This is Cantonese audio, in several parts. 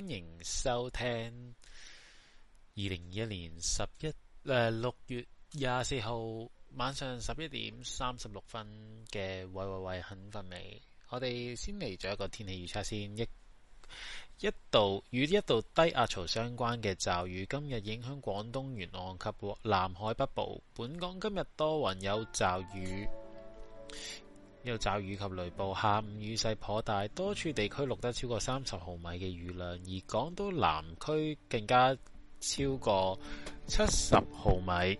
歡迎收聽二零二一年十一誒，六月廿四號晚上十一點三十六分嘅喂喂喂肯瞓未。我哋先嚟做一個天氣預測先，一一度與一度低壓槽相關嘅驟雨，今日影響廣東沿岸及南海北部。本港今日多雲有驟雨。有驟雨及雷暴，下午雨勢頗大，多處地區錄得超過三十毫米嘅雨量，而港島南區更加超過七十毫米。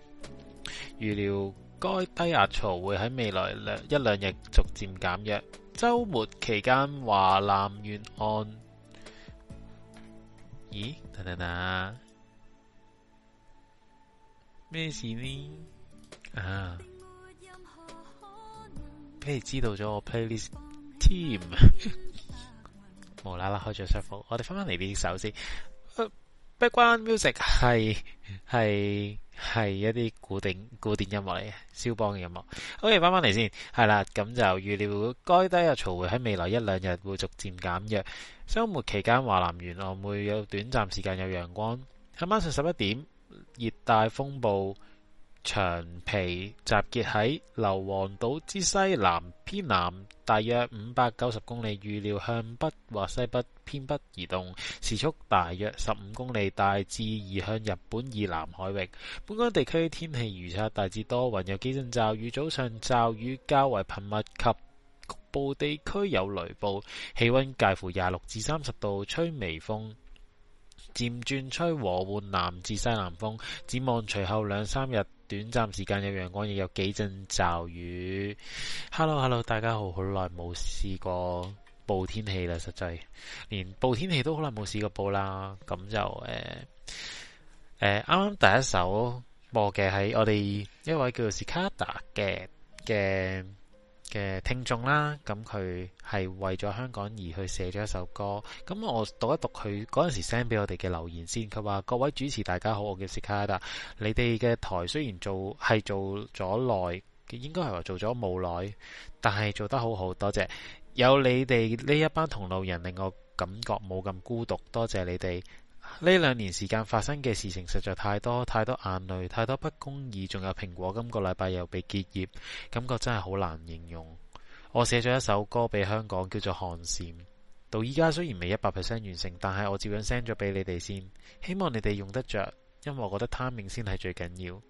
預料該低壓槽會喺未來兩一兩日逐漸減弱。周末期間華南沿岸，咦，等等等，咩事呢？啊！譬如知道咗我 playlist 添，無啦啦開咗 shuffle，我哋翻返嚟啲首先。Background music 係係係一啲古典古典音樂嚟嘅，肖邦嘅音樂。OK，翻翻嚟先，係啦，咁就預料該低壓槽會喺未來一兩日會逐漸減弱。周末期間華南沿岸會有短暫時間有陽光。喺晚上十一點，熱帶風暴。長皮集結喺硫磺島之西南偏南，大約五百九十公里，預料向北或西北偏北移動，時速大約十五公里，大致移向日本以南海域。本港地區天氣預測，大致多雲，有幾陣驟雨，早上驟雨較為頻密及局部地區有雷暴，氣溫介乎廿六至三十度，吹微風，漸轉吹和緩南至西南風。展望隨後兩三日。短暫時間有陽光，亦有幾陣驟雨。Hello，Hello，hello，大家好，好耐冇試過報天氣啦，實際連報天氣都好耐冇試過報啦。咁就誒誒，啱、呃、啱、呃、第一首播嘅係我哋一位叫做 Cicada 嘅嘅嘅聽眾啦，咁佢係為咗香港而去寫咗一首歌。咁我讀一讀佢嗰陣時 send 俾我哋嘅留言先。佢話：各位主持，大家好，我叫 Sikada。你哋嘅台雖然做係做咗耐，應該係話做咗冇耐，但係做得好好，多謝。有你哋呢一班同路人，令我感覺冇咁孤獨，多謝你哋。呢兩年時間發生嘅事情實在太多，太多眼淚，太多不公義，仲有蘋果今個禮拜又被結業，感覺真係好難形容。我寫咗一首歌俾香港，叫做《汗線》，到依家雖然未一百 percent 完成，但係我照樣 send 咗俾你哋先，希望你哋用得着，因為我覺得 timing 先係最緊要。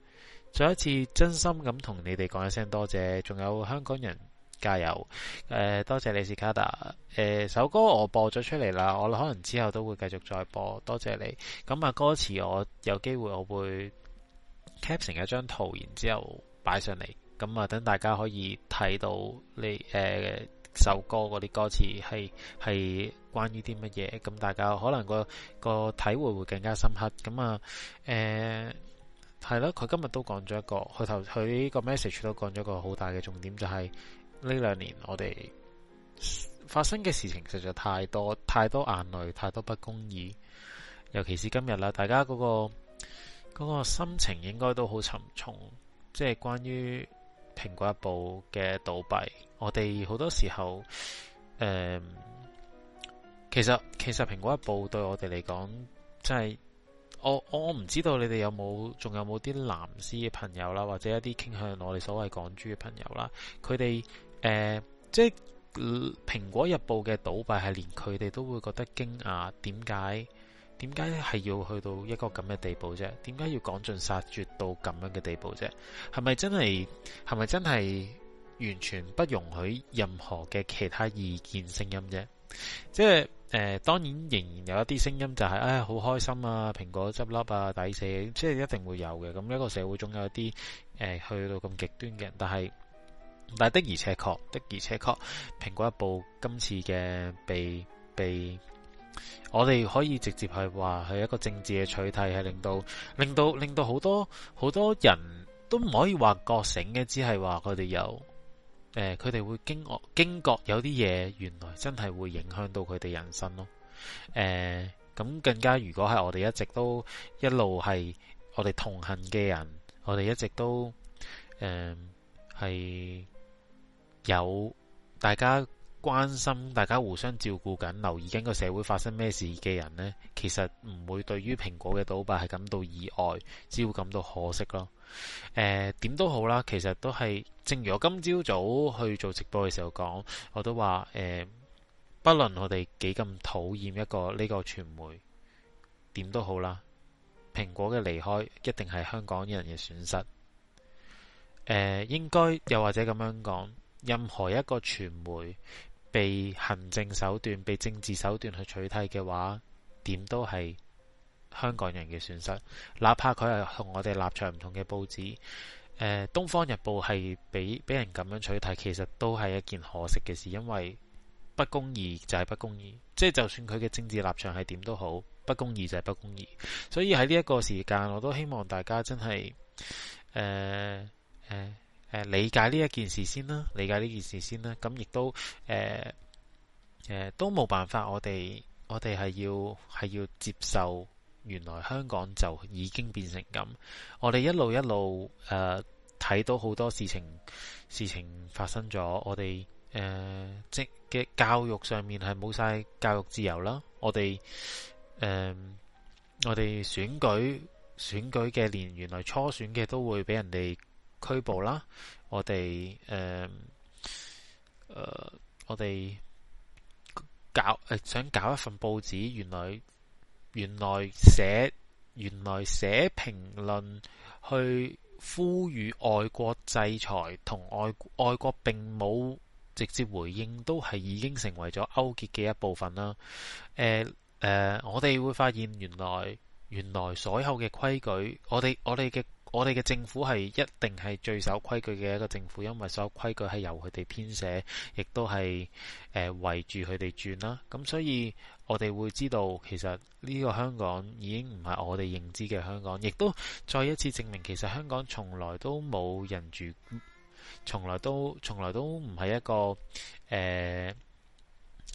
再一次真心咁同你哋講一聲多謝，仲有香港人。加油！誒、呃，多謝李氏卡達。誒、呃，首歌我播咗出嚟啦，我可能之後都會繼續再播。多謝你。咁、嗯、啊，歌詞我有機會我會 caption 一張圖，然之後擺上嚟。咁、嗯、啊，等大家可以睇到你誒、呃、首歌嗰啲歌詞係係關於啲乜嘢。咁、嗯、大家可能個個體會會更加深刻。咁、嗯、啊，誒係咯。佢、嗯、今日都講咗一個，佢頭佢呢個 message 都講咗一個好大嘅重點，就係，就係。呢兩年我哋發生嘅事情實在太多，太多眼淚，太多不公義。尤其是今日啦，大家嗰、嗰個、嗰個心情應該都好沉重。即係關於蘋果日報嘅倒閉，我哋好多時候，誒、嗯，其實其實蘋果日報對我哋嚟講，真係我我唔知道你哋有冇，仲有冇啲藍絲嘅朋友啦，或者一啲傾向我哋所謂港豬嘅朋友啦，佢哋。誒、呃，即係蘋、呃、果日報嘅倒閉係連佢哋都會覺得驚訝，點解點解係要去到一個咁嘅地步啫？點解要趕盡殺絕到咁樣嘅地步啫？係咪真係係咪真係完全不容許任何嘅其他意見聲音啫？即係誒、呃，當然仍然有一啲聲音就係誒好開心啊，蘋果執笠啊，抵死，啊，即係一定會有嘅。咁一個社會總有一啲誒、呃、去到咁極端嘅人，但係。但的而且確，的而且確，蘋果日報今次嘅被被，我哋可以直接係話係一個政治嘅取締，係令到令到令到好多好多人都唔可以話覺醒嘅，只係話佢哋有誒，佢、呃、哋會驚愕驚覺有啲嘢原來真係會影響到佢哋人生咯。誒、呃，咁更加如果係我哋一直都一路係我哋痛恨嘅人，我哋一直都誒係。呃有大家關心、大家互相照顧緊、留意緊個社會發生咩事嘅人咧，其實唔會對於蘋果嘅倒閉係感到意外，只會感到可惜咯。誒、呃，點都好啦，其實都係正如我今朝早去做直播嘅時候講，我都話誒、呃，不論我哋幾咁討厭一個呢個傳媒，點都好啦，蘋果嘅離開一定係香港人嘅損失。誒、呃，應該又或者咁樣講。任何一個傳媒被行政手段、被政治手段去取締嘅話，點都係香港人嘅損失。哪怕佢係同我哋立場唔同嘅報紙，誒、呃，《東方日報》係俾俾人咁樣取締，其實都係一件可惜嘅事。因為不公義就係不公義，即係就算佢嘅政治立場係點都好，不公義就係不公義。所以喺呢一個時間，我都希望大家真係誒。呃理解呢一件事先啦，理解呢件事先啦。咁亦都，誒、呃，誒、呃，都冇辦法。我哋，我哋係要，係要接受，原來香港就已經變成咁。我哋一路一路誒，睇、呃、到好多事情，事情發生咗。我哋誒、呃，即嘅教育上面係冇晒教育自由啦。我哋誒、呃，我哋選舉選舉嘅連原來初選嘅都會俾人哋。拘捕啦！我哋誒，誒、呃，我哋搞誒、呃，想搞一份報紙，原來原來寫原來寫評論，去呼籲外國制裁，同外外國並冇直接回應，都係已經成為咗勾結嘅一部分啦。誒、呃、誒、呃，我哋會發現原來原來所有嘅規矩，我哋我哋嘅。我哋嘅政府係一定係最守規矩嘅一個政府，因為所有規矩係由佢哋編寫，亦都係誒圍住佢哋轉啦。咁所以我哋會知道，其實呢個香港已經唔係我哋認知嘅香港，亦都再一次證明，其實香港從來都冇人住，從來都從來都唔係一個誒誒、呃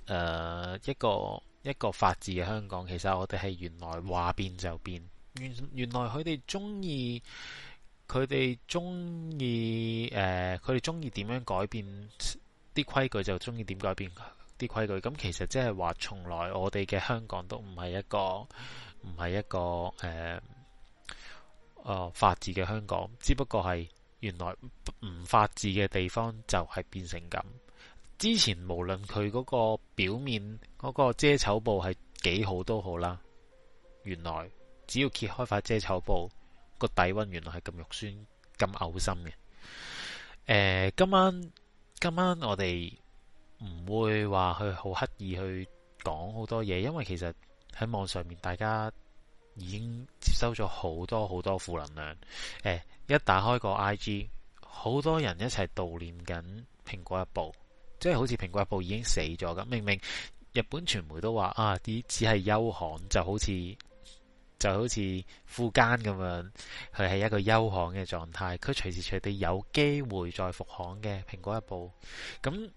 呃、一個一個法治嘅香港。其實我哋係原來話變就變。原原來佢哋中意，佢哋中意，誒、呃，佢哋中意點樣改變啲規矩，就中意點改變啲規矩。咁其實即係話，從來我哋嘅香港都唔係一個唔係一個誒、呃呃，法治嘅香港。只不過係原來唔法治嘅地方就係變成咁。之前無論佢嗰個表面嗰、嗰個遮醜布係幾好都好啦，原來。只要揭開塊遮醜布，個底蘊原來係咁肉酸、咁嘔心嘅。誒、呃，今晚今晚我哋唔會話去好刻意去講好多嘢，因為其實喺網上面大家已經接收咗好多好多負能量。誒、呃，一打開個 IG，好多人一齊悼念緊蘋果日報，即係好似蘋果日報已經死咗咁。明明日本傳媒都話啊，啲只係休刊就好似～就好似副監咁樣，佢係一個休刊嘅狀態，佢隨時隨地有機會再復刊嘅蘋果一部咁、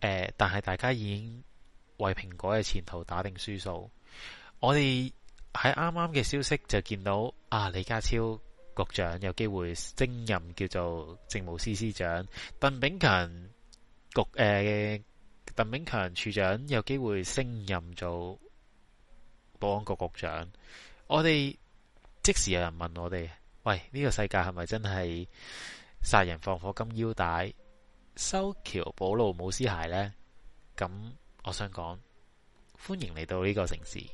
呃、但係大家已經為蘋果嘅前途打定輸數。我哋喺啱啱嘅消息就見到啊，李家超局長有機會升任叫做政務司司長，鄧炳強局誒，鄧、呃、炳強處長有機會升任做。保安局局長，我哋即時有人問我哋：，喂，呢、這個世界係咪真係殺人放火金腰帶，修橋補路冇屍骸呢？」咁，我想講，歡迎嚟到呢個城市，呢、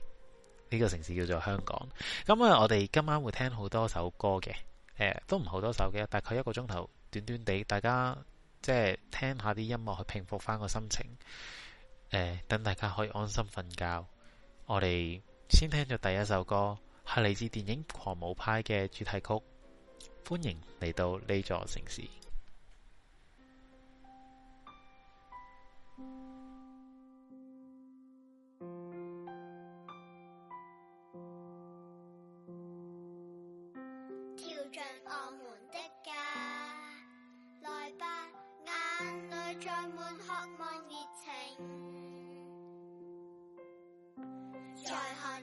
這個城市叫做香港。咁啊，我哋今晚會聽好多首歌嘅，誒、呃，都唔好多首嘅，大概一個鐘頭，短短地，大家即係聽下啲音樂去平復翻個心情，呃，等大家可以安心瞓覺。我哋。先聽咗第一首歌，係嚟自電影《狂舞派》嘅主題曲。歡迎嚟到呢座城市，跳進我們的家，來吧，眼淚再沒渴望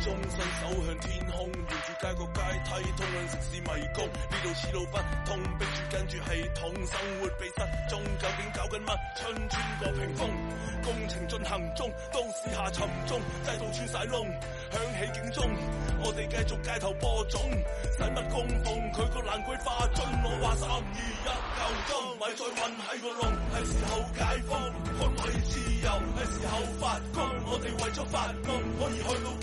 終身走向天空，沿住街角階梯，梯，通向城市迷宮。呢度此路不通，逼住跟住系統生活被失蹤。究竟搞緊乜？春穿過屏風，工程進行中，都市下沉中，制度穿晒窿，響起警鐘。我哋繼續街頭播種，使乜供奉佢個爛鬼花樽。我話三二一，夠鐘，咪再困喺個籠，係時候解放，可唔可以自由，係時候發光？我哋為咗發工，發工可以去到。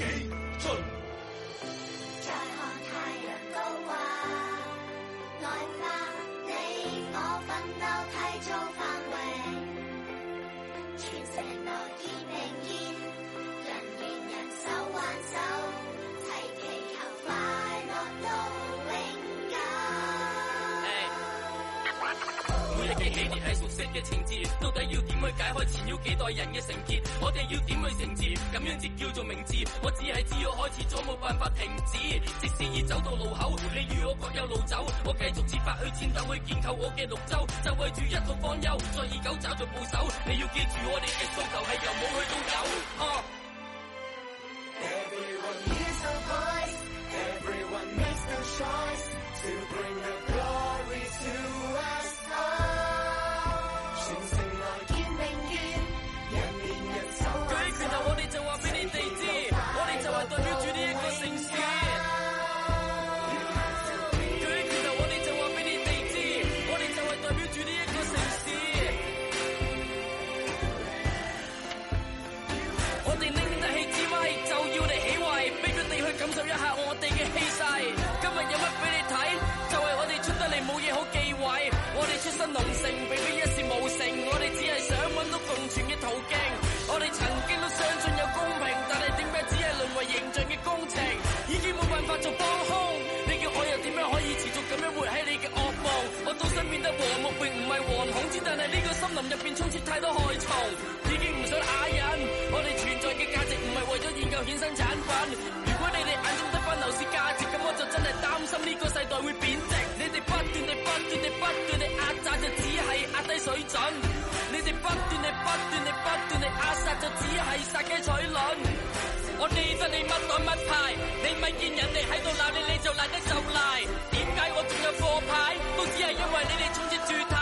你起你係熟悉嘅情節，到底要點去解開前要幾代人嘅成結？我哋要點去成字？咁樣先叫做名字。我只係只要開始，咗，冇辦法停止。即使已走到路口，你與我各有路走，我繼續設法去戰鬥，去建構我嘅綠洲。就為住一個方丘，再以狗找著步手。你要記住我哋嘅訴求係由冇去到有。成，並非一事無成。我哋只係想揾到共存嘅途徑。我哋曾經都相信有公平，但係點解只係淪為形象嘅工程？已經冇辦法做幫凶。你叫我又點樣可以持續咁樣活喺你嘅惡夢？我都想變得和睦，並唔係惶恐之，但係呢個森林入邊充斥太多害蟲，已經唔想啞忍。我哋存在嘅價值唔係為咗研究衍生產品。如果你哋眼中得翻樓市價值，咁我就真係擔心呢個世代會貶值。水準，你哋不斷地、不斷地、不斷地壓殺，就只係殺雞取卵。我理得你乜黨乜派，你咪見人哋喺度鬧你，你，你就賴得就賴。點解我仲有貨牌？都只係因為你哋充斥住。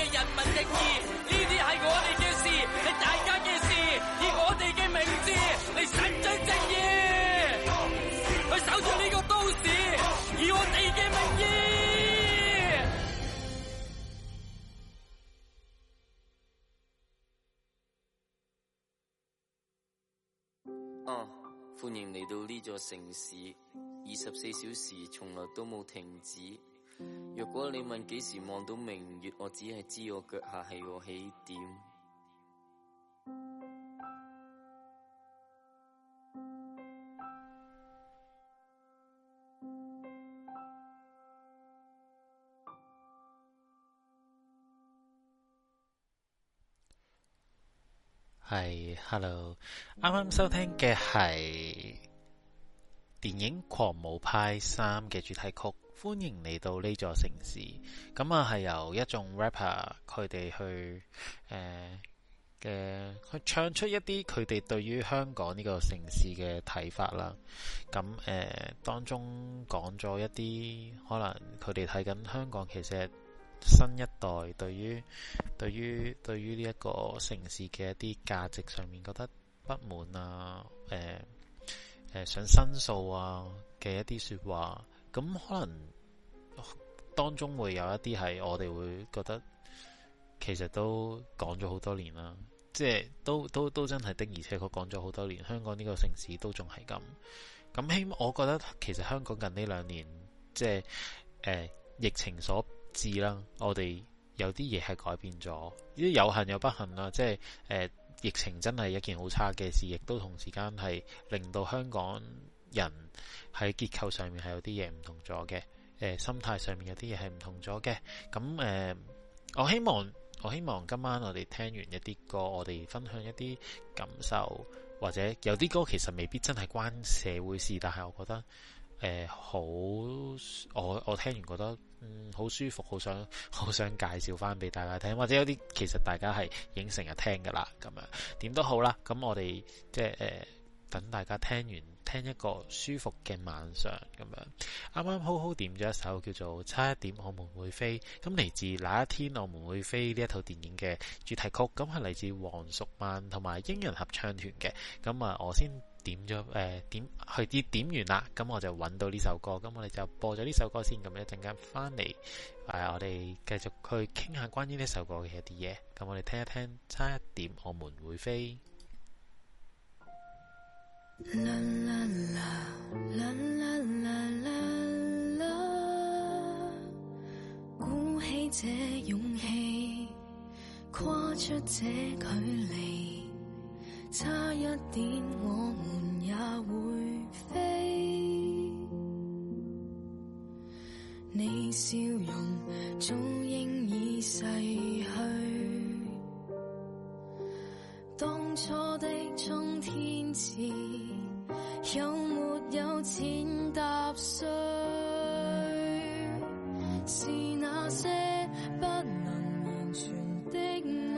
人民正義，呢啲係我哋嘅事，係大家嘅事，以我哋嘅名字嚟實踐正義，去守住呢個都市，以我哋嘅名義。哦、啊，歡迎嚟到呢座城市，二十四小時從來都冇停止。若果你問幾時望到明月，我只係知我腳下係我起點。係，Hello，啱啱收聽嘅係電影《狂舞派三》嘅主題曲。歡迎嚟到呢座城市。咁啊係由一眾 rapper 佢哋去誒、呃、去唱出一啲佢哋對於香港呢個城市嘅睇法啦。咁誒、呃、當中講咗一啲可能佢哋睇緊香港，其實新一代對於對於對於呢一個城市嘅一啲價值上面覺得不滿啊，誒、呃、誒、呃、想申訴啊嘅一啲說話。咁可能當中會有一啲係我哋會覺得，其實都講咗好多年啦，即係都都真係的，而且佢講咗好多年，香港呢個城市都仲係咁。咁希，我覺得其實香港近呢兩年，即係誒、呃、疫情所致啦，我哋有啲嘢係改變咗，啲有幸有不幸啦，即係誒、呃、疫情真係一件好差嘅事，亦都同時間係令到香港。人喺結構上面係有啲嘢唔同咗嘅，誒、呃，心態上面有啲嘢係唔同咗嘅。咁、嗯、誒，我希望我希望今晚我哋聽完一啲歌，我哋分享一啲感受，或者有啲歌其實未必真係關社會事，但係我覺得誒好、呃，我我聽完覺得嗯好舒服，好想好想介紹翻俾大家聽，或者有啲其實大家係已經成日聽噶啦，咁樣點都好啦。咁我哋即係誒。呃等大家聽完聽一個舒服嘅晚上咁樣，啱啱好好點咗一首叫做《差一點我們會飛》，咁嚟自《哪一天我們會飛》呢一套電影嘅主題曲，咁係嚟自黃淑蔓同埋英仁合唱團嘅。咁、呃、啊，我先點咗誒，點去啲點完啦，咁我就揾到呢首歌，咁我哋就播咗呢首歌先，咁一陣間翻嚟誒，我哋繼續去傾下關於呢首歌嘅一啲嘢，咁我哋聽一聽《差一點我們會飛》。啦啦啦啦啦啦啦啦！鼓起這勇氣，跨出這距離，差一點我們也會飛。你笑容早應已逝去。當初的衝天志，有沒有錢踏碎？是那些不能完全的夢，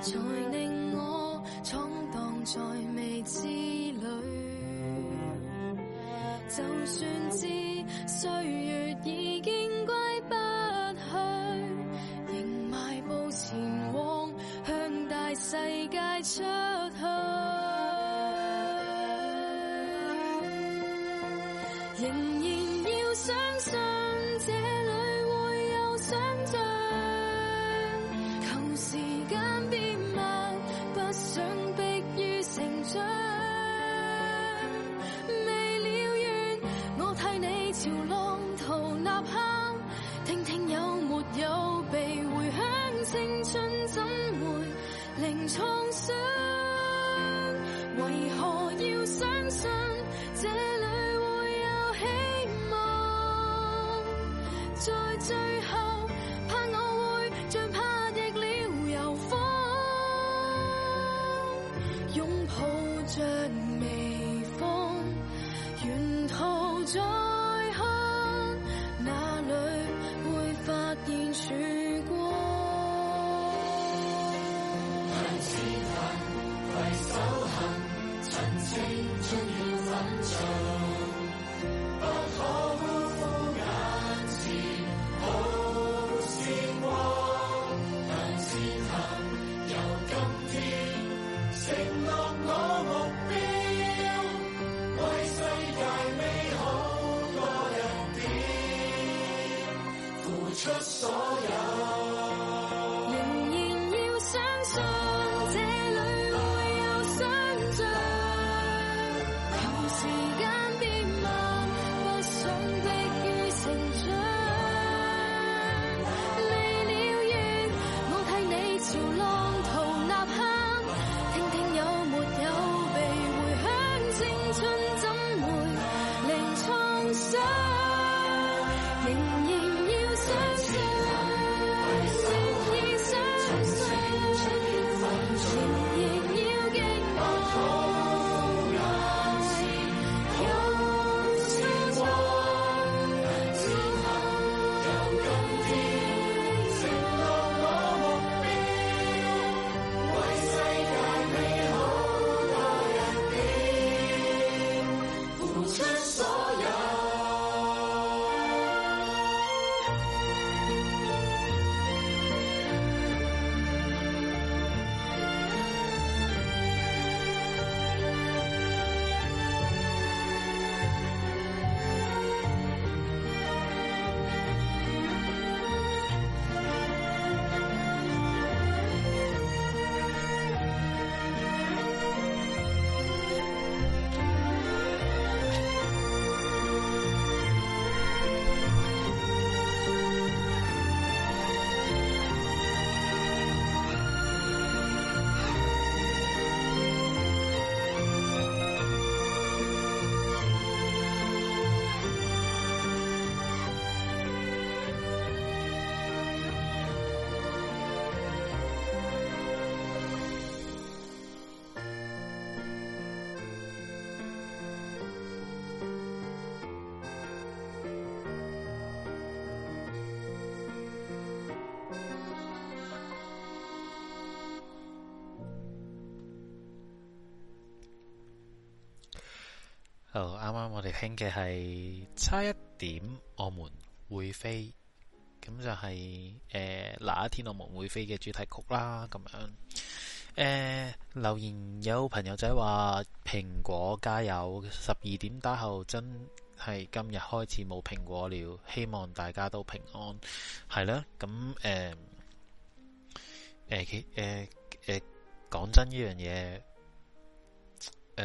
才令我闖蕩在未知裏。就算知歲月已經過。世界出去，仍然要相信。我哋聽嘅係差一點我們會飛，咁就係誒那一天我們會飛嘅主題曲啦。咁樣誒、呃，留言有朋友仔話蘋果加油，十二點打後真係今日開始冇蘋果了。希望大家都平安，係啦。咁、嗯、誒、呃、誒，誒誒，誒，誒，講真呢樣嘢誒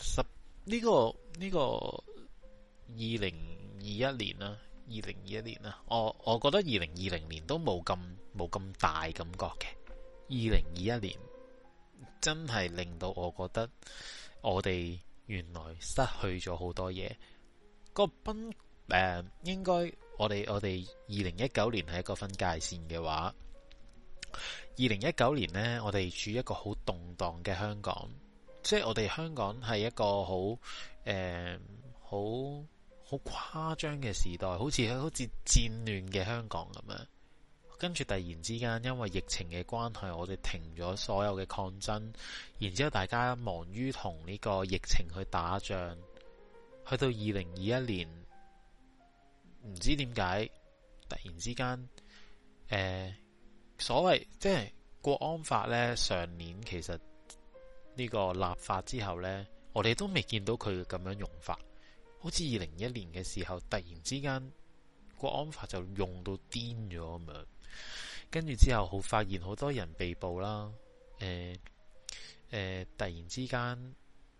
十。誒誒十呢、呢個呢、呢個二零二一年啦，二零二一年啦，我我覺得二零二零年都冇咁冇咁大感覺嘅，二零二一年真係令到我覺得我哋原來失去咗好多嘢。個分誒、呃，應該我哋我哋二零一九年係一個分界線嘅話，二零一九年呢，我哋處一個好動蕩嘅香港。即係我哋香港係一個好誒，好好誇張嘅時代，好似好似戰亂嘅香港咁樣。跟住突然之間，因為疫情嘅關係，我哋停咗所有嘅抗爭，然之後大家忙於同呢個疫情去打仗。去到二零二一年，唔知點解，突然之間，誒、呃，所謂即係國安法呢，上年其實。呢個立法之後呢，我哋都未見到佢咁樣用法，好似二零一年嘅時候，突然之間國安法就用到癲咗咁樣，跟住之後好發現好多人被捕啦，誒、呃、誒、呃，突然之間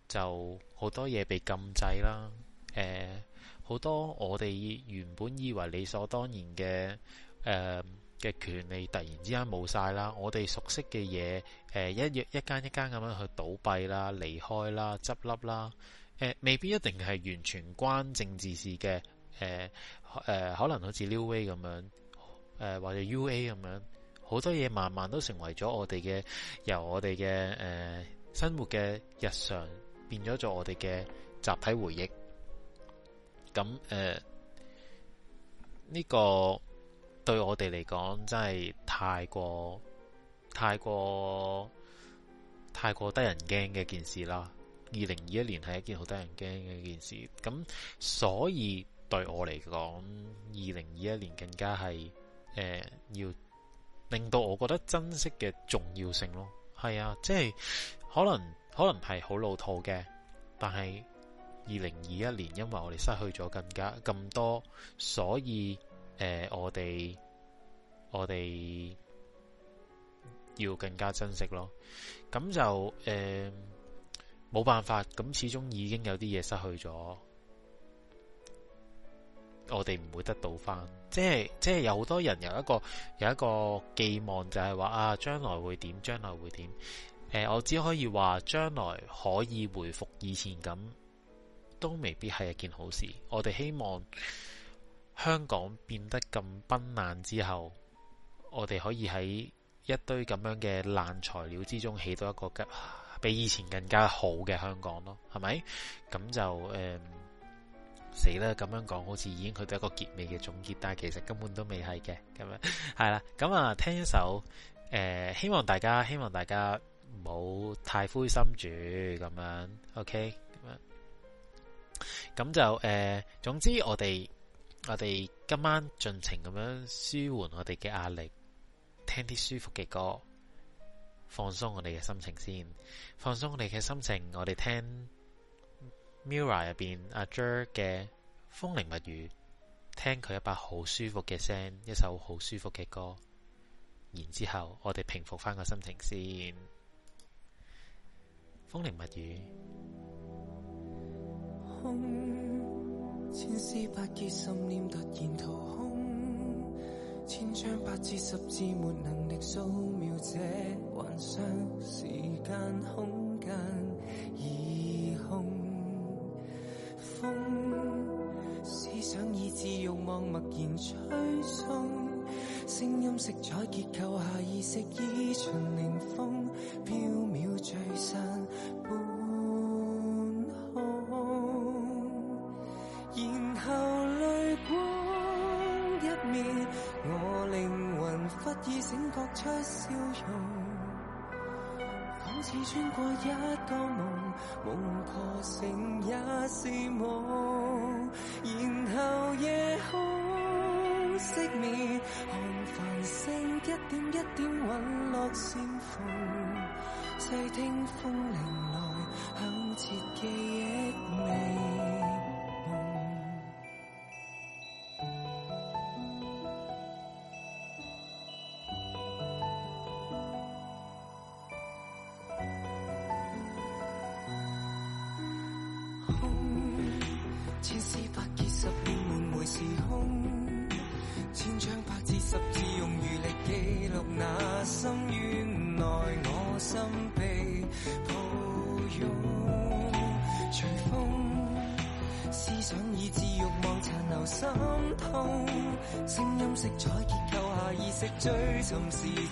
就好多嘢被禁制啦，誒、呃，好多我哋原本以為理所當然嘅誒。呃嘅權利突然之間冇晒啦，我哋熟悉嘅嘢，誒、呃、一約一間一間咁樣去倒閉啦、離開啦、執笠啦，誒、呃、未必一定係完全關政治事嘅，誒、呃、誒、呃、可能好似 Neway 咁樣，誒、呃、或者 U A 咁樣，好多嘢慢慢都成為咗我哋嘅由我哋嘅誒生活嘅日常變咗做我哋嘅集體回憶。咁誒呢個。對我哋嚟講，真係太過太過太過得人驚嘅件事啦。二零二一年係一件好得人驚嘅一件事，咁所以對我嚟講，二零二一年更加係誒、呃、要令到我覺得珍惜嘅重要性咯。係啊，即係可能可能係好老套嘅，但係二零二一年因為我哋失去咗更加咁多，所以。誒、呃，我哋我哋要更加珍惜咯。咁就誒，冇、呃、辦法。咁始終已經有啲嘢失去咗，我哋唔會得到返。即係即係有好多人有一個有一個寄望就，就係話啊，將來會點？將來會點？誒、呃，我只可以話將來可以回復以前咁，都未必係一件好事。我哋希望。香港變得咁崩爛之後，我哋可以喺一堆咁樣嘅爛材料之中，起到一個比以前更加好嘅香港咯，係咪？咁就誒、死、呃、啦！咁樣講好似已經去到一個結尾嘅總結，但係其實根本都未係嘅，咁樣係啦。咁 啊，聽一首誒，希望大家希望大家唔好太灰心住，咁樣，OK，咁樣，咁就誒，總之我哋。我哋今晚盡情咁樣舒緩我哋嘅壓力，聽啲舒服嘅歌，放鬆我哋嘅心情先。放鬆我哋嘅心情，我哋聽 Mirror 入邊阿 Jer 嘅《風鈴物語》，聽佢一把好舒服嘅聲，一首好舒服嘅歌。然之後我哋平復翻個心情先，《風鈴物語》嗯。千絲百結心念突然掏空，千張百字十字沒能力掃描，這幻象，時間空間已空。風，思想意志欲望默然吹送，聲音色彩結構下意識依循凌風，飄渺最深。已穿過一個夢，夢破醒也是夢。然後夜空熄滅，看繁星一點一點隕落成風，細聽風鈴來，響徹記憶味。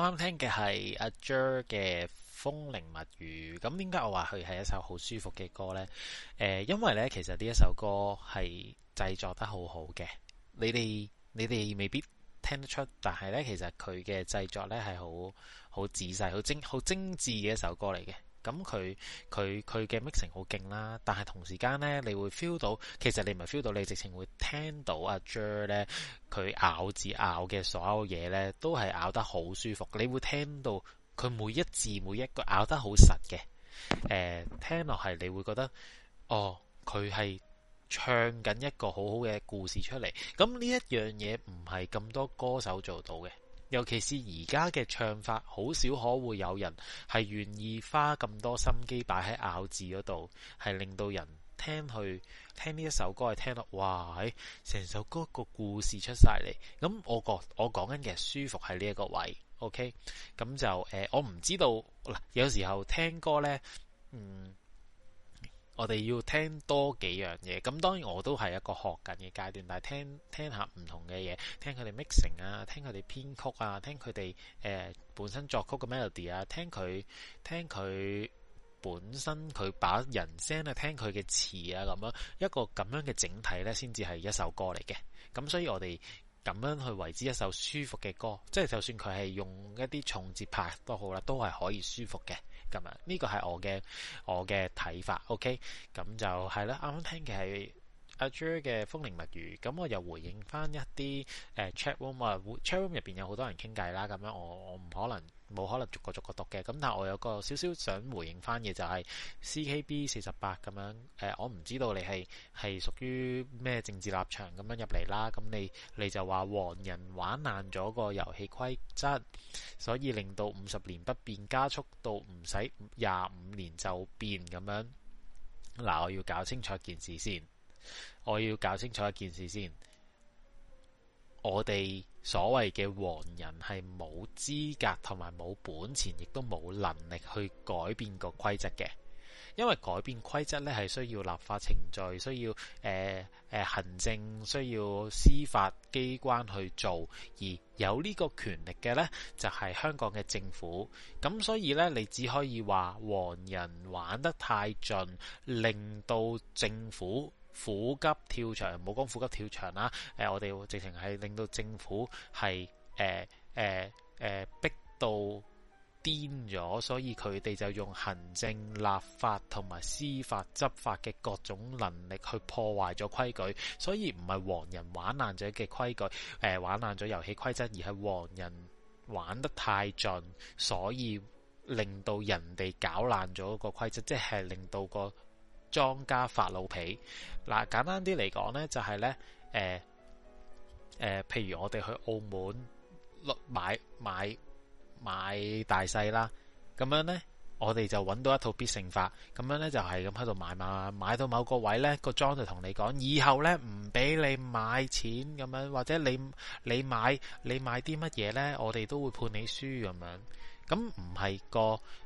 啱啱聽嘅係阿 Jure 嘅《風鈴物語》，咁點解我話佢係一首好舒服嘅歌呢？呃，因為呢，其實呢一首歌係製作得好好嘅，你哋你哋未必聽得出，但係呢，其實佢嘅製作呢係好好仔細、好精、好精緻嘅一首歌嚟嘅。咁佢佢佢嘅 mixing 好勁啦，但係同時間咧，你會 feel 到其實你唔係 feel 到，你直情會聽到阿、啊、j u e 咧，佢咬字咬嘅所有嘢咧，都係咬得好舒服。你會聽到佢每一字每一句咬得好實嘅，誒、呃、聽落係你會覺得，哦佢係唱緊一個好好嘅故事出嚟。咁呢一樣嘢唔係咁多歌手做到嘅。尤其是而家嘅唱法，好少可會有人係願意花咁多心機擺喺咬字嗰度，係令到人聽佢聽呢一首歌，係聽到，哇，成首歌個故事出晒嚟。咁我覺我講緊嘅舒服喺呢一個位，OK。咁就誒，我唔知道嗱，有時候聽歌呢。嗯。我哋要聽多幾樣嘢，咁當然我都係一個學緊嘅階段，但係聽聽下唔同嘅嘢，聽佢哋 mixing 啊，聽佢哋編曲啊，聽佢哋誒本身作曲嘅 melody 啊，聽佢聽佢本身佢把人聲啊，聽佢嘅詞啊，咁樣一個咁樣嘅整體呢，先至係一首歌嚟嘅。咁所以我哋咁樣去維持一首舒服嘅歌，即係就算佢係用一啲重節拍都好啦，都係可以舒服嘅。今日呢個係我嘅我嘅睇法，OK，咁就係、是、啦。啱啱聽嘅係阿 j 嘅《風鈴物語》，咁我又回應翻一啲誒、呃、Chatroom 啊，Chatroom 入邊有好多人傾偈啦，咁樣我我唔可能。冇可能逐個逐個讀嘅，咁但係我有個少少想回應翻嘅就係、是、C K B 四十八咁樣，誒、呃、我唔知道你係係屬於咩政治立場咁樣入嚟啦，咁你你就話黃人玩爛咗個遊戲規則，所以令到五十年不變加速到唔使廿五年就變咁樣。嗱，我要搞清楚一件事先，我要搞清楚一件事先。我哋所謂嘅黃人係冇資格同埋冇本錢，亦都冇能力去改變個規則嘅，因為改變規則呢，係需要立法程序，需要誒誒、呃呃、行政需要司法機關去做，而有呢個權力嘅呢，就係、是、香港嘅政府，咁所以呢，你只可以話黃人玩得太盡，令到政府。苦急跳牆，唔好講苦急跳牆啦。誒、呃，我哋直情係令到政府係誒誒誒逼到癲咗，所以佢哋就用行政、立法同埋司法執法嘅各種能力去破壞咗規矩。所以唔係黃人玩爛咗嘅規矩，誒、呃、玩爛咗遊戲規則，而係黃人玩得太盡，所以令到人哋搞爛咗個規則，即係令到個。莊家發老皮，嗱、啊、簡單啲嚟講呢、就係，就係呢。誒、呃、誒，譬如我哋去澳門落買買買大細啦，咁樣呢，我哋就揾到一套必勝法，咁樣呢，就係咁喺度買嘛，買到某個位呢，個莊就同你講，以後呢，唔俾你買錢咁樣，或者你你買你買啲乜嘢呢，我哋都會判你輸咁樣，咁唔係個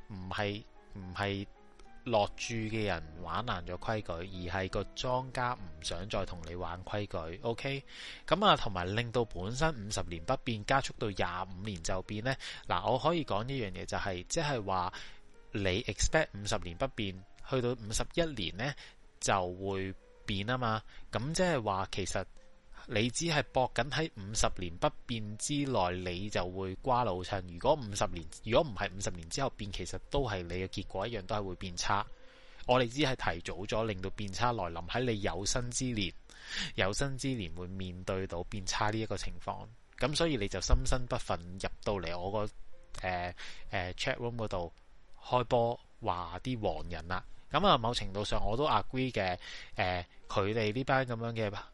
唔係唔係。落注嘅人玩爛咗規矩，而係個莊家唔想再同你玩規矩。OK，咁啊，同埋令到本身五十年不變，加速到廿五年就變呢。嗱，我可以講呢樣嘢就係、是，即係話你 expect 五十年不變，去到五十一年呢就會變啊嘛。咁即係話其實。你只係博緊喺五十年不變之內，你就會瓜老襯。如果五十年，如果唔係五十年之後變，其實都係你嘅結果一樣，都係會變差。我哋只係提早咗，令到變差來臨喺你有生之年，有生之年會面對到變差呢一個情況。咁所以你就心生不忿，入到嚟我個誒誒 chat room 嗰度開波，話啲黃人啦。咁啊，某程度上我都 agree 嘅。誒、呃，佢哋呢班咁樣嘅～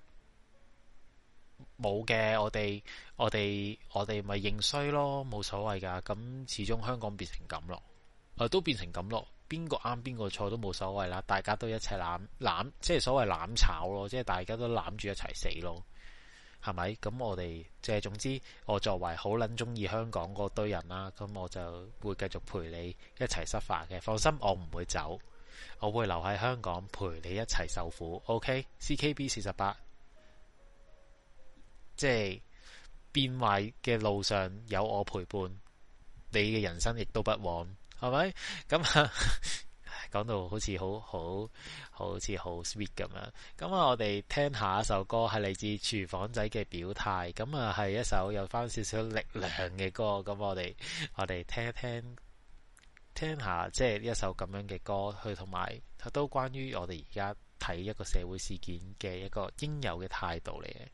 冇嘅，我哋我哋我哋咪認衰咯，冇所謂㗎。咁始終香港變成咁咯，誒、呃、都變成咁咯。邊個啱邊個錯都冇所謂啦。大家都一齊攬攬，即係所謂攬炒咯，即係大家都攬住一齊死咯。係咪？咁我哋即係總之，我作為好撚中意香港嗰堆人啦，咁我就會繼續陪你一齊失範嘅。放心，我唔會走，我會留喺香港陪你一齊受苦。OK，CKB、okay? 四十八。即係變壞嘅路上有我陪伴，你嘅人生亦都不枉，係咪？咁講到好似好好好似好 sweet 咁樣。咁啊，我哋聽下一首歌，係嚟自廚房仔嘅表態。咁啊，係一首有翻少少力量嘅歌。咁我哋我哋聽一聽，聽下即係呢一首咁樣嘅歌，去。同埋都關於我哋而家睇一個社會事件嘅一個應有嘅態度嚟嘅。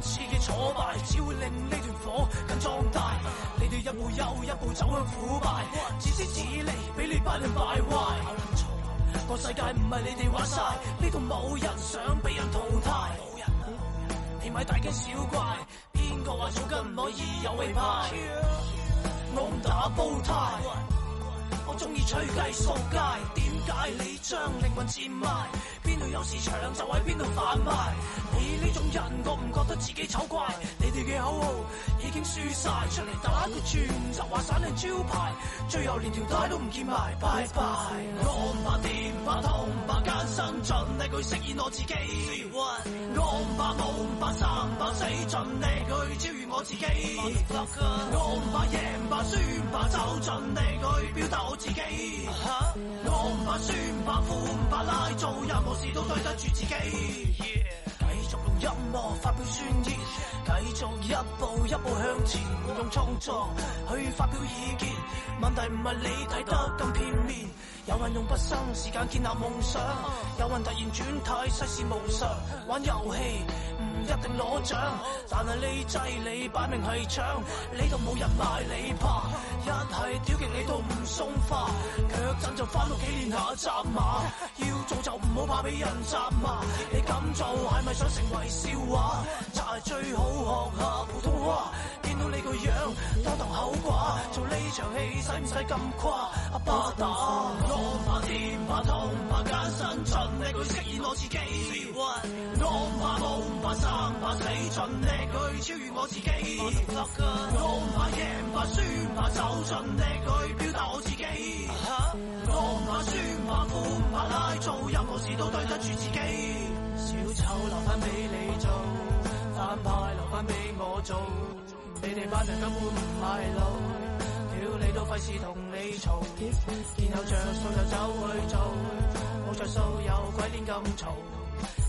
自己挫敗，只會令呢團火更壯大。你哋一步又一步走向腐敗，自私自利，俾你班人敗壞。個世界唔係你哋玩晒，呢度冇人想被人淘汰。冇人，你咪大驚小怪。邊個話草根唔可以有氣派？我唔打煲呔。我中意吹雞掃街，點解你將靈魂賤賣？邊度有市場就喺邊度販賣。你呢種人，覺唔覺得自己醜怪？你哋嘅口號已經輸晒，出嚟打個轉就話散兩招牌，最後連條帶都唔見埋。拜拜！我唔怕掂，怕痛，唔怕艱辛，盡力去飾演我自己。我唔怕冇，唔怕生，唔怕死，盡力去超越我自己。我唔怕贏，唔怕輸，唔怕走，盡力去表達自己，uh huh? 我唔怕酸，唔怕苦，唔怕拉，做任何事都對得住自己。繼 Yeah. 續用音樂發表宣言，繼續一步一步向前，用創作去發表意見。問題唔係你睇得咁片面。有人用不生時間建立夢想，有人突然轉態世事無常。玩遊戲唔一定攞獎，但係呢製你擺明係搶，你都冇人賣你怕。一係屌極你都唔送花，嗰陣就翻屋企練下紮馬。要做就唔好怕俾人紮馬，你咁做係咪想成為笑話？就係最好學下普通話，見到你個樣多當口寡，做呢場戲使唔使咁誇？阿巴打。我怕甜怕痛怕艱辛，盡力去飾演我自己。我怕凍怕生怕死，盡力去超越我自己。我怕贏怕輸怕走，盡力去表達我自己。我怕輸怕苦怕拉，做任何事都對得住自己。小丑留翻俾你做，反派留翻俾我做，你哋班人根本唔係路。了你都費事同你嘈，然後着數就走去做，冇著數有鬼臉咁嘈，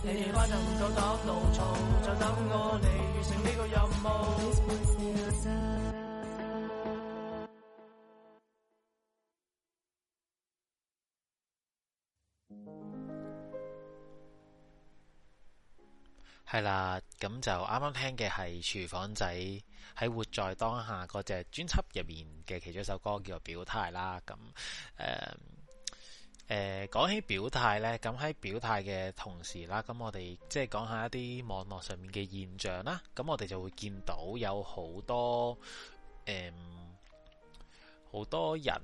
你哋班人唔夠膽怒嘈，就等我嚟完成呢個任務。係啦，咁就啱啱聽嘅係廚房仔喺活在當下嗰隻專輯入面嘅其中一首歌叫做表態啦。咁誒誒，講起表態呢，咁喺表態嘅同時啦，咁我哋即係講下一啲網絡上面嘅現象啦。咁我哋就會見到有好多誒，好多人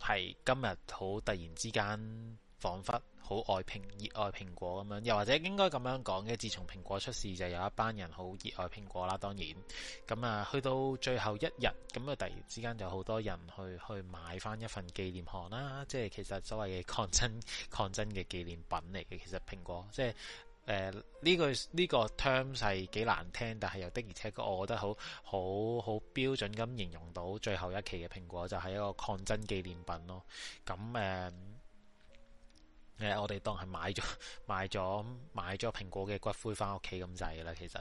係今日好突然之間。彷彿好愛蘋熱愛蘋果咁樣，又或者應該咁樣講嘅，自從蘋果出事就有一班人好熱愛蘋果啦。當然，咁啊去到最後一日，咁啊突然之間就好多人去去買翻一份紀念項啦，即係其實所謂嘅抗爭抗爭嘅紀念品嚟嘅。其實蘋果即係誒呢個呢個 terms 係幾難聽，但係又的而且確，我覺得好好好標準咁形容到最後一期嘅蘋果就係一個抗爭紀念品咯。咁誒、啊。誒、嗯，我哋當係買咗買咗買咗蘋果嘅骨灰翻屋企咁滯啦，其實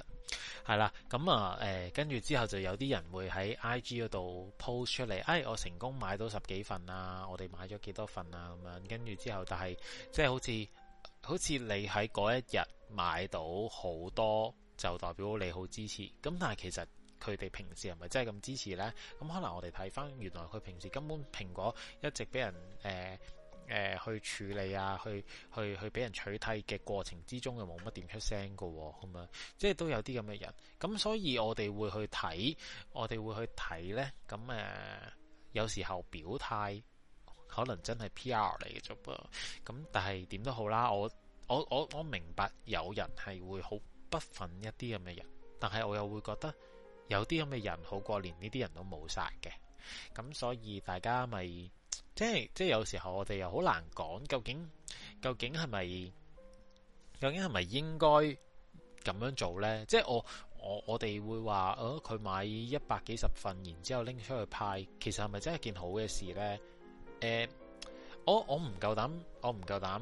係啦，咁啊誒，跟、嗯、住、嗯、之後就有啲人會喺 IG 嗰度 post 出嚟，誒、哎，我成功買到十幾份啊，我哋買咗幾多份啊咁樣，跟住之後，但係即係好似好似你喺嗰一日買到好多，就代表你好支持，咁但係其實佢哋平時係咪真係咁支持呢？咁、嗯、可能我哋睇翻原來佢平時根本蘋果一直俾人誒。呃誒、呃、去處理啊，去去去俾人取替嘅過程之中，又冇乜點出聲噶咁樣，即係都有啲咁嘅人。咁、嗯、所以我哋會去睇，我哋會去睇呢。咁、嗯、誒、嗯、有時候表態，可能真係 P.R. 嚟嘅啫噃。咁、嗯、但係點都好啦，我我我我明白有人係會好不忿一啲咁嘅人，但係我又會覺得有啲咁嘅人好過連呢啲人都冇曬嘅。咁、嗯、所以大家咪～即係，即係有時候我哋又好難講，究竟是是究竟係咪究竟係咪應該咁樣做呢？即係我我我哋會話，哦，佢買一百幾十份，然之後拎出去派，其實係咪真係件好嘅事呢？誒、呃，我我唔夠膽，我唔夠膽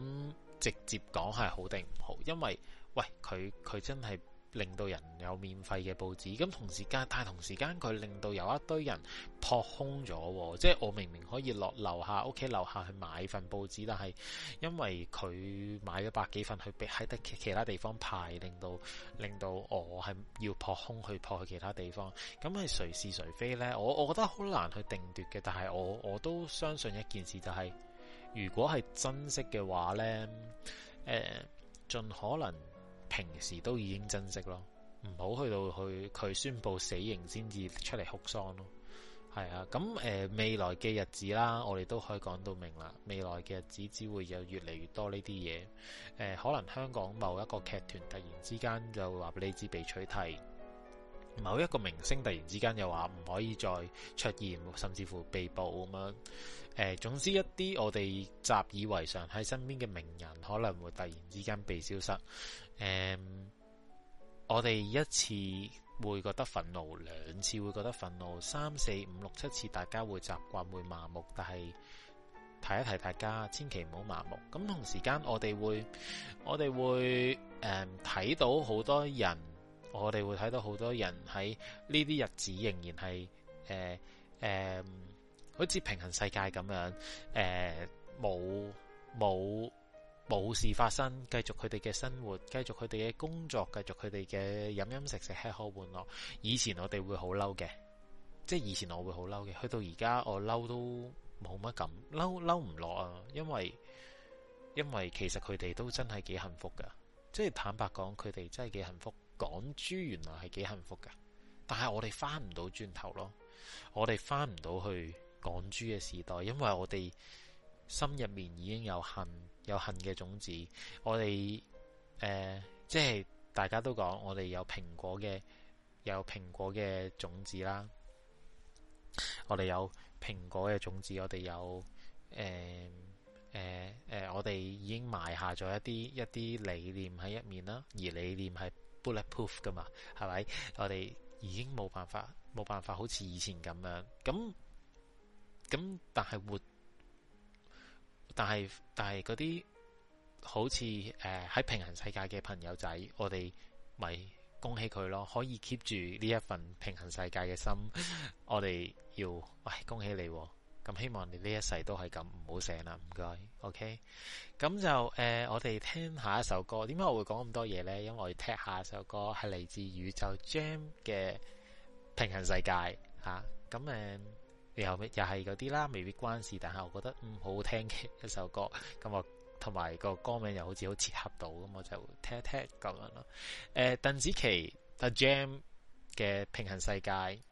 直接講係好定唔好，因為喂佢佢真係。令到人有免費嘅報紙，咁同時間，但係同時間佢令到有一堆人撲空咗，即係我明明可以落樓下屋企樓下去買份報紙，但係因為佢買咗百幾份去俾喺得其他地方派，令到令到我係要撲空去撲去其他地方，咁係誰是誰非呢？我我覺得好難去定奪嘅，但係我我都相信一件事就係、是，如果係珍惜嘅話呢，誒、呃，盡可能。平時都已經珍惜咯，唔好去到去佢宣佈死刑先至出嚟哭喪咯。係啊，咁誒、呃、未來嘅日子啦，我哋都可以講到明啦。未來嘅日子只會有越嚟越多呢啲嘢。誒，可能香港某一個劇團突然之間就話畀你知被取締，某一個明星突然之間又話唔可以再出現，甚至乎被捕咁樣。誒、呃，總之一啲我哋習以為常喺身邊嘅名人，可能會突然之間被消失。嗯、我哋一次會覺得憤怒，兩次會覺得憤怒，三四五六七次，大家會習慣會麻木，但係提一提大家，千祈唔好麻木。咁同時間我哋會，我哋會睇、嗯、到好多人，我哋會睇到好多人喺呢啲日子仍然係誒誒。嗯嗯好似平行世界咁樣，誒、呃，冇冇冇事發生，繼續佢哋嘅生活，繼續佢哋嘅工作，繼續佢哋嘅飲飲食食、吃，吃，吃喝，喝玩樂。以前我哋會好嬲嘅，即係以前我會好嬲嘅，去到而家我嬲都冇乜感，嬲嬲唔落啊！因為因為其實佢哋都真係幾幸福噶，即係坦白講，佢哋真係幾幸福。港豬原來係幾幸福噶，但係我哋翻唔到轉頭咯，我哋翻唔到去。港珠嘅時代，因為我哋心入面已經有恨有恨嘅種子。我哋誒、呃，即係大家都講，我哋有蘋果嘅有蘋果嘅種子啦。我哋有蘋果嘅種子，我哋有誒誒誒，我哋已經埋下咗一啲一啲理念喺入面啦。而理念係 bulletproof 噶嘛，係咪？我哋已經冇辦法冇辦法，好似以前咁樣咁。咁、嗯、但係活，但係但係嗰啲好似誒喺平行世界嘅朋友仔，我哋咪恭喜佢咯，可以 keep 住呢一份平行世界嘅心，我哋要喂、哎、恭喜你，咁希望你呢一世都係咁，唔好醒啦，唔該，OK，咁就誒、呃、我哋聽下一首歌，點解我會講咁多嘢呢？因為我哋聽下一首歌係嚟自宇宙 Jam 嘅平行世界吓，咁、啊、誒。嗯嗯然後咩又係嗰啲啦，未必關事，但係我覺得嗯好好聽嘅一首歌，咁我同埋個歌名又好似好切合到，咁我就聽一聽咁樣咯。誒、呃，鄧紫棋阿 Gem 嘅《平衡世界》。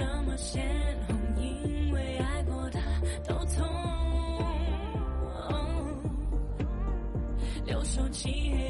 這麼鮮紅，因為愛過的都痛。哦，留守漆黑。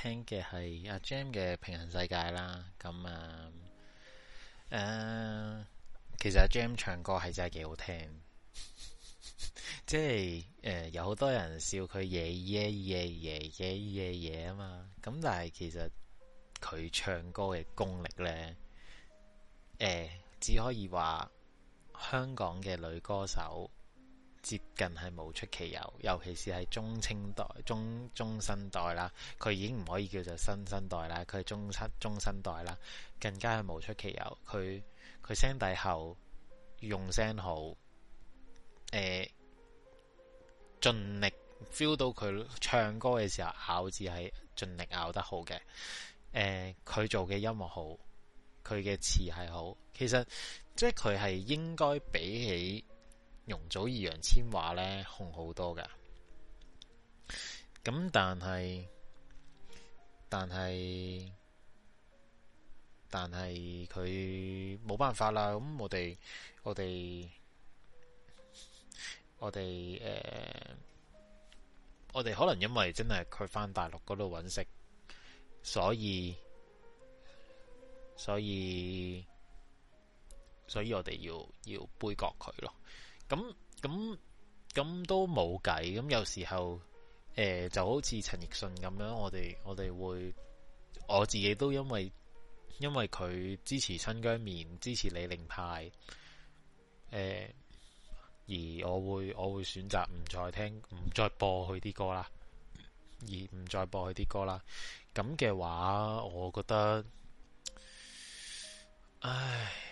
聽嘅係阿 Jam 嘅平衡世界啦，咁、嗯、啊，誒、呃，其實阿、啊、Jam 唱歌係真係幾好聽， 即係誒、呃，有好多人笑佢「耶耶耶耶耶耶耶」啊嘛，咁但係其實佢唱歌嘅功力呢，誒、呃，只可以話香港嘅女歌手。接近係無出其右，尤其是係中青代、中中生代啦，佢已經唔可以叫做新生代啦，佢係中七、中生代啦，更加係無出其右，佢佢聲底厚，用聲好，誒、呃，盡力 feel 到佢唱歌嘅時候咬字係盡力咬得好嘅。誒、呃，佢做嘅音樂好，佢嘅詞係好，其實即係佢係應該比起。容祖兒、楊千嬅咧紅好多噶，咁但係但係但係佢冇辦法啦。咁我哋我哋我哋誒，我哋、呃、可能因為真係佢翻大陸嗰度揾食，所以所以所以我哋要要杯葛佢咯。咁咁咁都冇計，咁有時候誒、呃、就好似陳奕迅咁樣，我哋我哋會，我自己都因為因為佢支持新疆棉，支持李寧派，誒、呃、而我會我會選擇唔再聽唔再播佢啲歌啦，而唔再播佢啲歌啦。咁嘅話，我覺得，唉。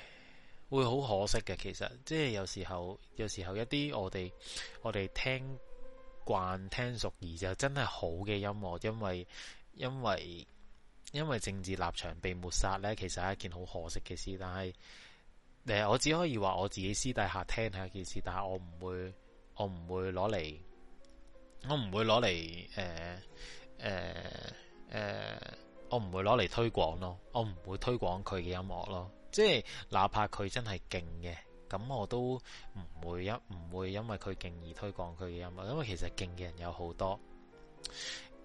會好可惜嘅，其實即係有時候，有時候一啲我哋我哋聽慣聽熟而就真係好嘅音樂，因為因為因為政治立場被抹殺呢，其實係一件好可惜嘅事。但係誒、呃，我只可以話我自己私底下聽下件事，但係我唔會我唔會攞嚟我唔會攞嚟誒誒誒，我唔會攞嚟、呃呃呃、推廣咯，我唔會推廣佢嘅音樂咯。即係，哪怕佢真係勁嘅，咁我都唔會一唔會因為佢勁而推廣佢嘅音樂，因為其實勁嘅人有好多，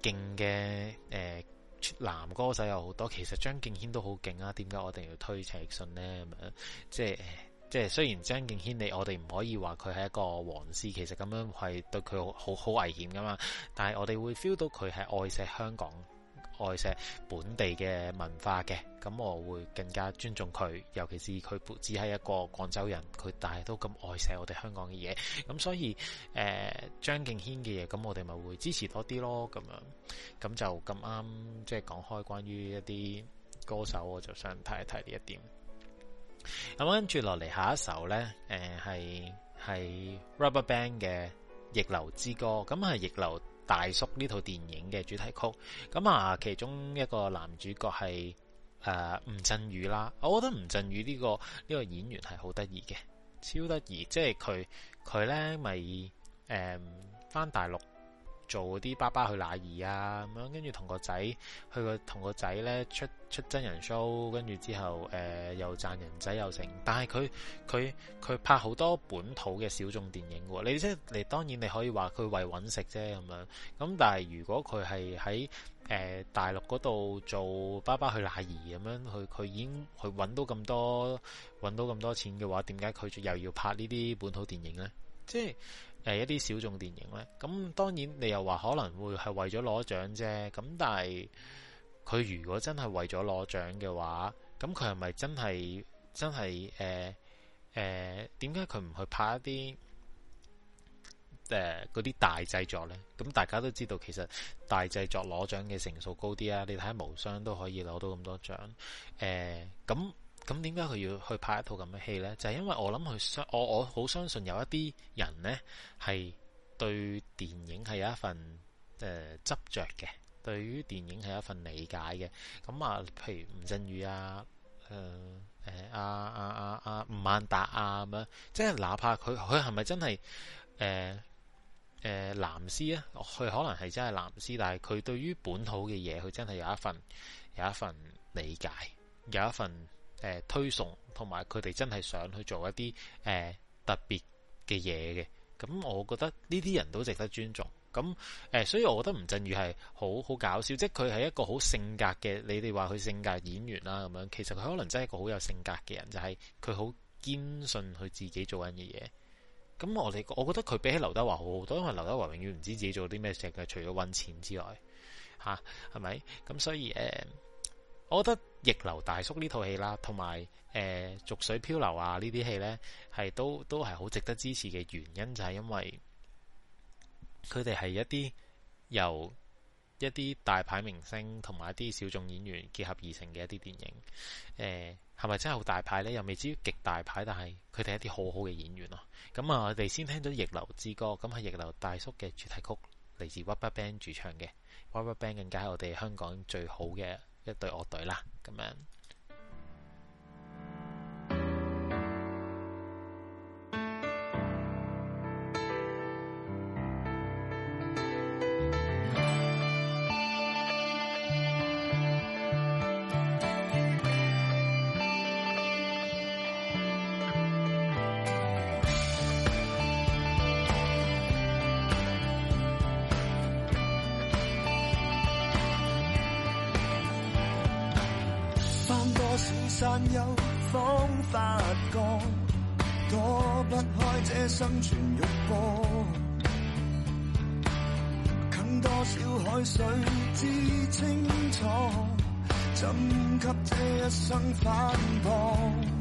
勁嘅誒、呃、男歌手有好多。其實張敬軒都好勁啊，點解我哋一定要推陳奕迅呢？咁、就、樣、是、即係即係，雖然張敬軒你我哋唔可以話佢係一個黃絲，其實咁樣係對佢好好危險㗎嘛。但係我哋會 feel 到佢係愛錫香港。愛錫本地嘅文化嘅，咁我會更加尊重佢，尤其是佢只係一個廣州人，佢但係都咁愛錫我哋香港嘅嘢，咁所以誒張敬軒嘅嘢，咁我哋咪會支持多啲咯，咁樣，咁就咁啱，即係講開關於一啲歌手，我就想提一提呢一點。咁跟住落嚟下一首呢誒，係係 Rubberband 嘅逆流之歌，咁係逆流大叔呢套電影嘅主題曲，咁啊其中一個男主角係誒吳鎮宇啦，我覺得吳鎮宇呢個呢個演員係好得意嘅，超得意，即係佢佢咧咪誒返大陸。做啲爸爸去哪兒啊咁樣，跟住同個仔去個同個仔呢出出真人 show，跟住之後誒、呃、又賺人仔又成。但係佢佢佢拍好多本土嘅小眾電影喎。你即係你當然你可以話佢為揾食啫咁樣。咁但係如果佢係喺誒大陸嗰度做爸爸去哪兒咁樣，佢佢已經佢揾到咁多揾到咁多錢嘅話，點解佢又要拍呢啲本土電影呢？即係。誒一啲小眾電影呢，咁當然你又話可能會係為咗攞獎啫，咁但係佢如果真係為咗攞獎嘅話，咁佢係咪真係真係誒誒？點解佢唔去拍一啲誒嗰啲大製作呢？咁大家都知道其實大製作攞獎嘅成數高啲啊！你睇《無雙》都可以攞到咁多獎，誒、呃、咁。咁點解佢要去拍一套咁嘅戲呢？就係、是、因為我諗佢相我我好相信有一啲人呢係對電影係有一份誒、呃、執著嘅，對於電影係有一份理解嘅。咁、嗯、啊，譬如吳振宇啊，誒誒阿阿阿阿吳孟達啊咁樣，即係哪怕佢佢係咪真係誒誒藍絲啊？佢可能係真係藍絲，但係佢對於本土嘅嘢，佢真係有一份有一份理解，有一份。呃、推送同埋佢哋真係想去做一啲誒、呃、特別嘅嘢嘅，咁我覺得呢啲人都值得尊重。咁誒、呃，所以我覺得吳鎮宇係好好搞笑，即係佢係一個好性格嘅，你哋話佢性格演員啦，咁樣其實佢可能真係一個好有性格嘅人，就係佢好堅信佢自己做緊嘅嘢。咁我哋，我覺得佢比起劉德華好好多，因為劉德華永遠唔知自己做啲咩嘢嘅，除咗揾錢之外，吓，係咪？咁所以誒。呃我覺得逆流大叔呢套戲啦，同埋誒《濁、呃、水漂流》啊，呢啲戲呢，係都都係好值得支持嘅原因，就係因為佢哋係一啲由一啲大牌明星同埋一啲小眾演員結合而成嘅一啲電影。誒係咪真係好大牌呢？又未至於極大牌，但係佢哋係一啲好好嘅演員咯。咁啊，我哋先聽咗《逆流之歌》，咁係逆流大叔嘅主題曲，嚟自 RubberBand 主唱嘅 RubberBand，更加係我哋香港最好嘅。一隊樂隊啦，咁樣。生存欲過，近多少海水知清楚，怎給這一生反駁？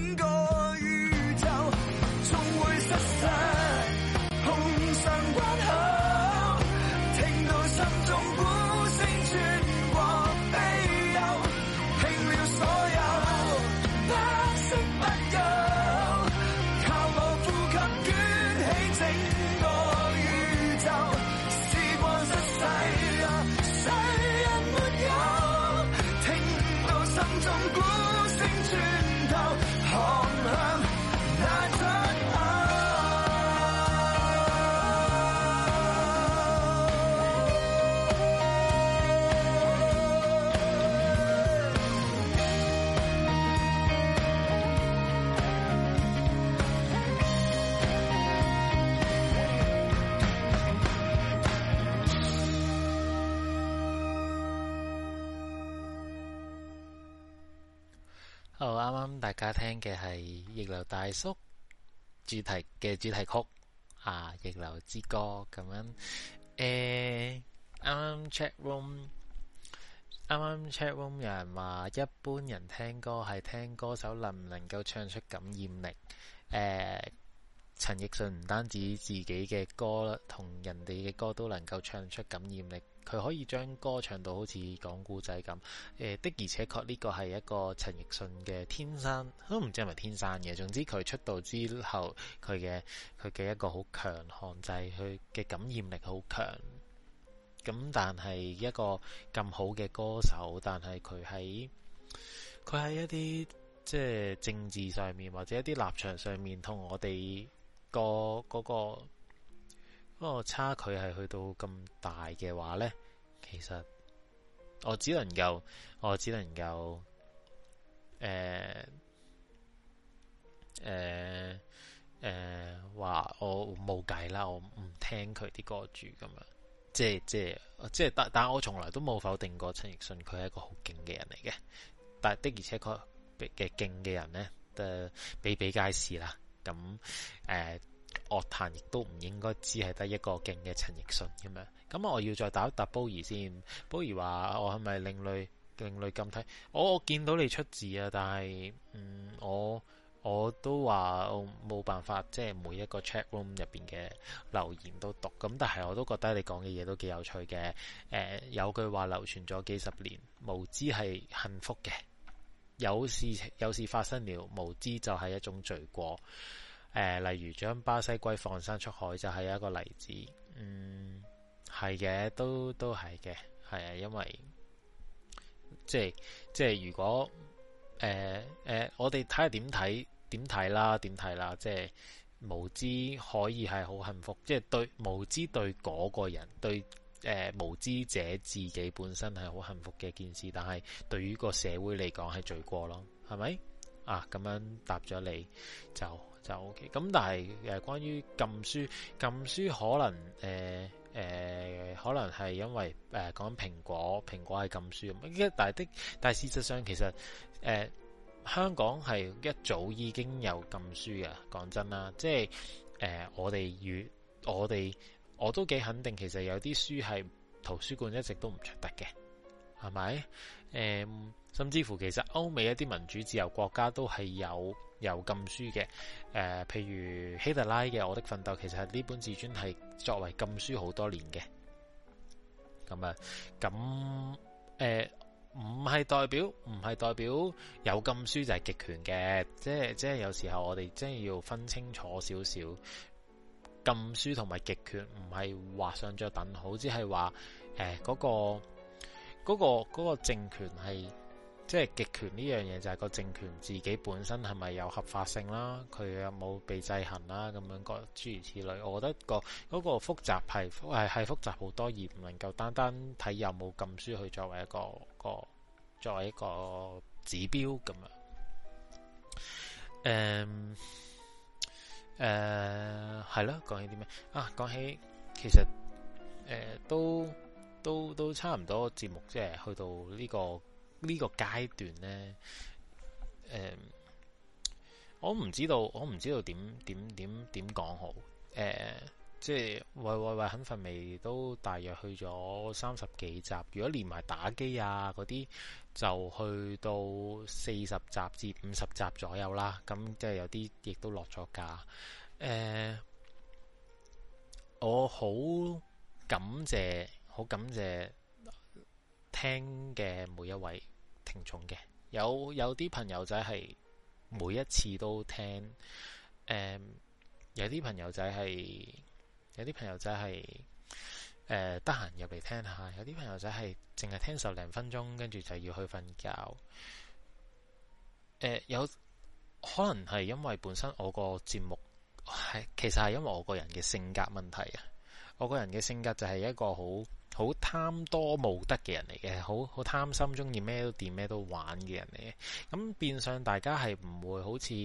聽嘅係逆流大叔主題嘅主題曲啊，《逆流之歌》咁樣。誒，啱啱 chatroom，啱啱 chatroom 有人話，一般人聽歌係聽歌手能唔能夠唱出感染力。誒，陳奕迅唔單止自己嘅歌同人哋嘅歌都能夠唱出感染力。佢可以將歌唱到好似講古仔咁，誒、呃、的而且確呢個係一個陳奕迅嘅天生，都唔知係咪天生嘅。總之佢出道之後，佢嘅佢嘅一個好強項就係佢嘅感染力好強，咁但係一個咁好嘅歌手，但係佢喺佢喺一啲即係政治上面或者一啲立場上面，同我哋個嗰個。嗰個不過差距係去到咁大嘅話咧，其實我只能夠，我只能夠，誒誒誒話我冇計啦，我唔聽佢啲歌住咁樣，即係即係，即係但但係我從來都冇否定過陳奕迅，佢係一個好勁嘅人嚟嘅，但的而且確嘅勁嘅人咧，都比比皆是啦，咁誒。呃樂壇亦都唔應該只係得一個勁嘅陳奕迅咁樣，咁、嗯、我要再打一打 Bowie 先，Bowie 話我係咪另類？另類咁睇，我、哦、我見到你出字啊，但係、嗯、我我都話我冇辦法，即係每一個 chat room 入邊嘅留言都讀，咁但係我都覺得你講嘅嘢都幾有趣嘅。誒、呃、有句話流傳咗幾十年，無知係幸福嘅，有事情有事發生了，無知就係一種罪過。誒、呃，例如將巴西龜放生出海，就係一個例子。嗯，係嘅，都都係嘅，係啊，因為即係即係如果誒誒、呃呃，我哋睇下點睇點睇啦，點睇啦，即係無知可以係好幸福，即係對無知對嗰個人對誒、呃、無知者自己本身係好幸福嘅件事，但係對於個社會嚟講係罪過咯，係咪啊？咁樣答咗你就。就 O K，咁但係誒、呃，關於禁書，禁書可能誒誒、呃呃，可能係因為誒講蘋果，蘋果係禁書咁，但係的但係事實上其實誒、呃，香港係一早已經有禁書㗎，講真啦，即係誒、呃，我哋與我哋我都幾肯定，其實有啲書係圖書館一直都唔出得嘅，係咪？誒、呃，甚至乎其實歐美一啲民主自由國家都係有。有禁書嘅，誒、呃，譬如希特拉嘅《我的奮鬥》，其實呢本自傳係作為禁書好多年嘅，咁啊，咁誒，唔係代表，唔係代表有禁書就係極權嘅，即係即係有時候我哋真係要分清楚少少，禁書同埋極權唔係畫上咗等號，只係話，誒、呃，嗰個嗰個嗰個政權係。即係極權呢樣嘢，就係個政權自己本身係咪有合法性啦？佢有冇被制衡啦？咁樣個諸如此類，我覺得個嗰個複雜係係係複雜好多，而唔能夠單單睇有冇禁書去作為一個個作為一個指標咁樣。誒、嗯、誒，係、嗯、咯？講起啲咩啊？講起其實誒、呃，都都都差唔多節目，即係去到呢、這個。呢個階段呢，呃、我唔知道，我唔知道點點點點講好。誒、呃，即係喂喂喂，肯瞓未，都大約去咗三十幾集，如果連埋打機啊嗰啲，就去到四十集至五十集左右啦。咁即係有啲亦都落咗架。誒、呃，我好感謝，好感謝聽嘅每一位。聽眾嘅有，有啲朋友仔係每一次都聽，誒、嗯、有啲朋友仔係有啲朋友仔係誒，得閒入嚟聽下；有啲朋友仔係淨係聽十零分鐘，跟住就要去瞓覺。誒、嗯，有可能係因為本身我個節目係，其實係因為我個人嘅性格問題啊。我個人嘅性格就係一個好好貪多冇得嘅人嚟嘅，好好貪心，中意咩都掂，咩都玩嘅人嚟嘅。咁變相大家係唔會好似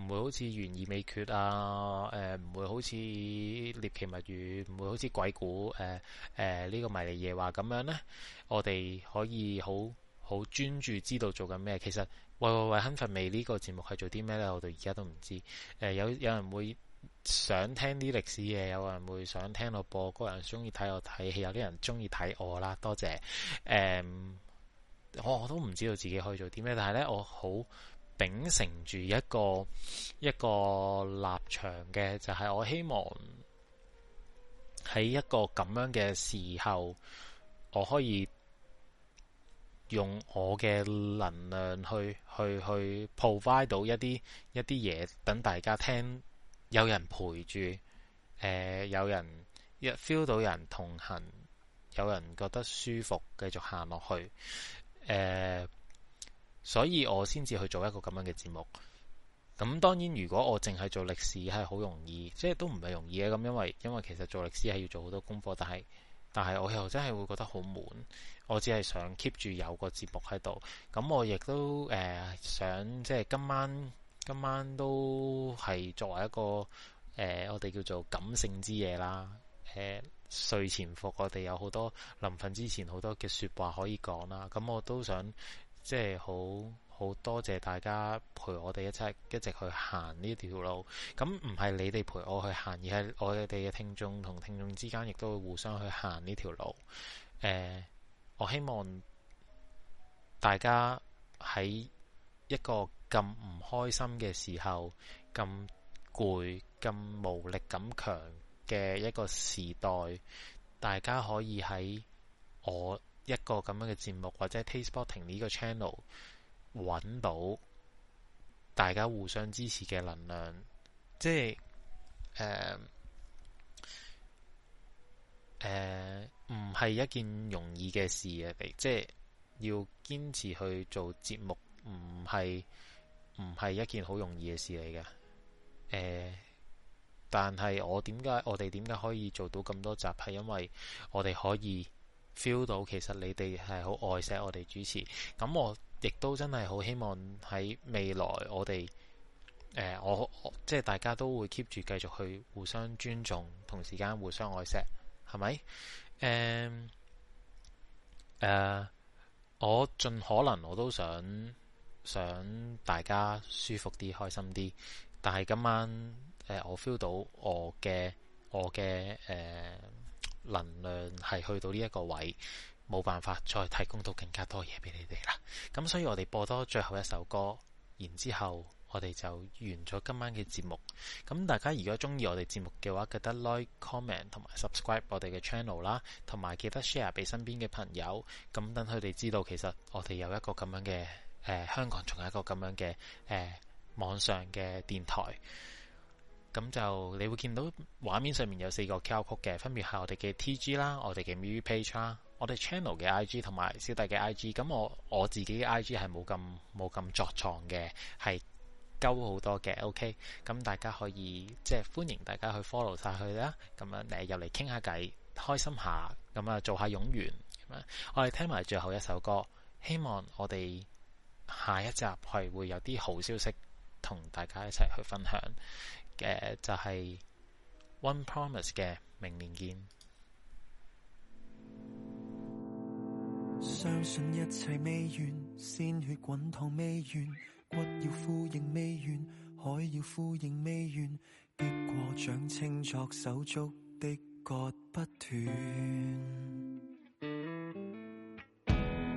唔會好似懸疑未決啊，誒、呃、唔會好似獵奇物語，唔會好似鬼故誒、誒呢個迷離夜話咁樣呢，我哋可以好好專注知道做緊咩。其實喂喂喂，肯瞓未呢個節目係做啲咩呢？我到而家都唔知。誒、呃、有有人會。想聽啲歷史嘢，有人會想聽我播歌，個人中意睇我睇戲，有啲人中意睇我啦。多謝誒，嗯，我我都唔知道自己可以做啲咩，但係呢，我好秉承住一個一個立場嘅，就係、係、我希望喺一個咁樣嘅時候，我可以用我嘅能量去去去 provide 到一啲一啲嘢，等大家聽。有人陪住，誒，有人一 feel 到人同行，有人覺得舒服，繼續行落去，誒、呃，所以我先至去做一個咁樣嘅節目。咁當然，如果我淨係做歷史，係好容易，即係都唔係容易嘅咁，因為因為其實做歷史係要做好多功課，但係但係我又真係會覺得好悶。我只係想 keep 住有個節目喺度，咁我亦都誒、呃、想即係今晚。今晚都係作為一個誒、呃，我哋叫做感性之夜啦。誒、呃，睡前服我，我哋有好多臨瞓之前好多嘅説話可以講啦。咁、嗯、我都想即係好好多謝大家陪我哋一齊一直去行呢條路。咁唔係你哋陪我去行，而係我哋嘅聽眾同聽眾之間，亦都會互相去行呢條路。誒、呃，我希望大家喺一個咁唔開心嘅時候，咁攰、咁無力、咁強嘅一個時代，大家可以喺我一個咁樣嘅節目或者 Taste Boxing 呢個 channel 揾到大家互相支持嘅能量，即係誒唔係一件容易嘅事啊！即係要堅持去做節目，唔係。唔係一件好容易嘅事嚟嘅，誒、呃，但係我點解我哋點解可以做到咁多集，係因為我哋可以 feel 到其實你哋係好愛錫我哋主持，咁、嗯、我亦都真係好希望喺未來我哋，誒、呃，我，我即係大家都會 keep 住繼續去互相尊重，同時間互相愛錫，係咪？誒、嗯，誒、呃，我盡可能我都想。想大家舒服啲、開心啲，但係今晚誒、呃、我 feel 到我嘅我嘅誒、呃、能量係去到呢一個位，冇辦法再提供到更加多嘢俾你哋啦。咁所以，我哋播多最後一首歌，然之後我哋就完咗今晚嘅節目。咁大家如果中意我哋節目嘅話，記得 like comment、comment 同埋 subscribe 我哋嘅 channel 啦，同埋記得 share 俾身邊嘅朋友，咁等佢哋知道其實我哋有一個咁樣嘅。誒、呃，香港仲有一個咁樣嘅誒、呃、網上嘅電台，咁就你會見到畫面上面有四個 QR code 嘅，分別係我哋嘅 T G 啦，我哋嘅 MV page 啦，我哋 Channel 嘅 I G 同埋小弟嘅 I G。咁我我自己嘅 I G 係冇咁冇咁作狀嘅，係鳩好多嘅。O K，咁大家可以即係歡迎大家去 follow 晒佢啦。咁樣誒入嚟傾下偈，開心下，咁啊做下勇員咁啊。我哋聽埋最後一首歌，希望我哋。下一集，係會有啲好消息同大家一齊去分享嘅，就係 One Promise 嘅明年見。相信一切未完，鮮血滾燙未完，骨要呼應未完，海要呼應未完，結果掌青作手足的割不斷。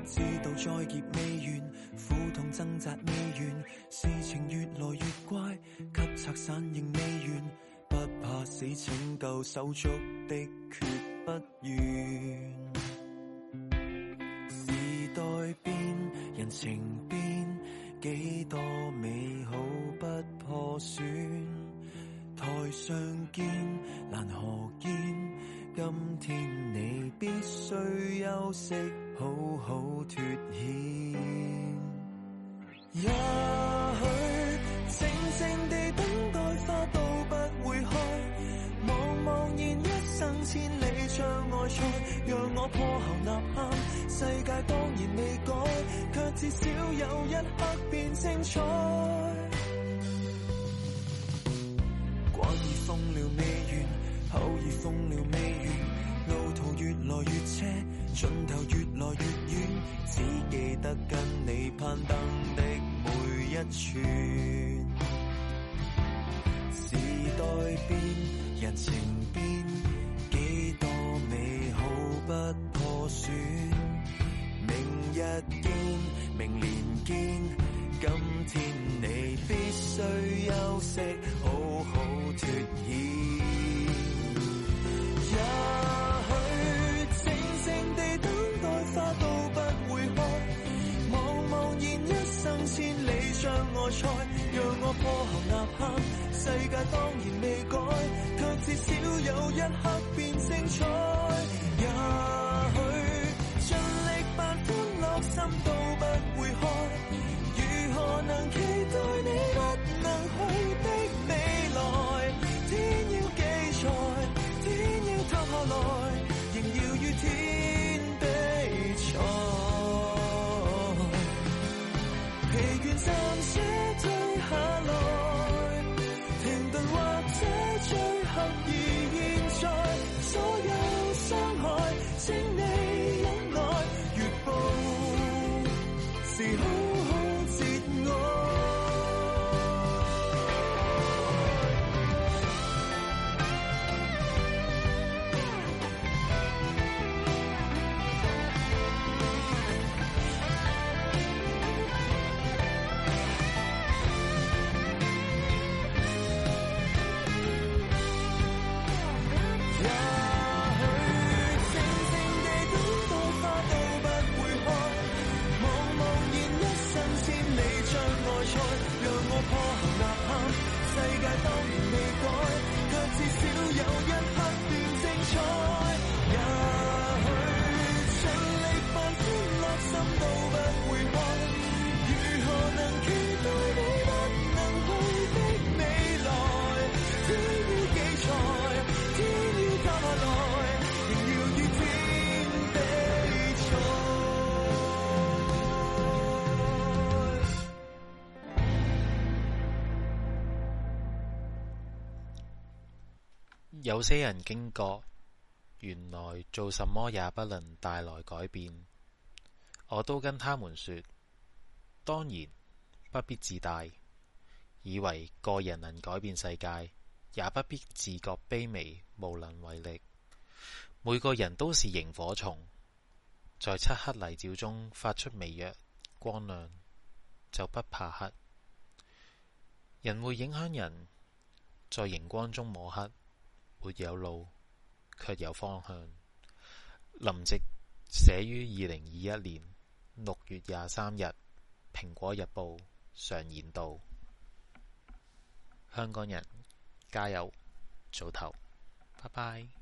知道再劫未完，苦痛掙扎未完，事情越來越怪，急拆散仍未完，不怕死拯救手足的決不願。 時代變，人情變，幾多美好不破損。台上見，難何見，今天你必須休息。 好好脫險，也許靜靜地等待花都不會開，茫茫然一生千里障礙，讓我破喉吶喊，世界當然未改，卻至少有一刻變精彩。過已瘋流未完，後已瘋流未完，路途越來越斜。盡頭越來越遠，只記得跟你攀登的每一寸。時代變，日情變，幾多美好不破損。明日見，明年見。今天你必須休息，好好脫。讓我破喉吶喊，世界當然未改，卻至少有一刻變精彩。也許盡力把歡樂心都不會開，如何能期待你不？有些人驚覺，原來做什麼也不能帶來改變。我都跟他們說，當然不必自大，以為個人能改變世界，也不必自覺卑微無能為力。每個人都是螢火蟲，在漆黑泥沼中發出微弱光亮，就不怕黑。人會影響人，在熒光中摸黑。沒有路，卻有方向。林夕寫於二零二一年六月廿三日，《蘋果日報》。常言道：香港人加油，早抖，拜拜。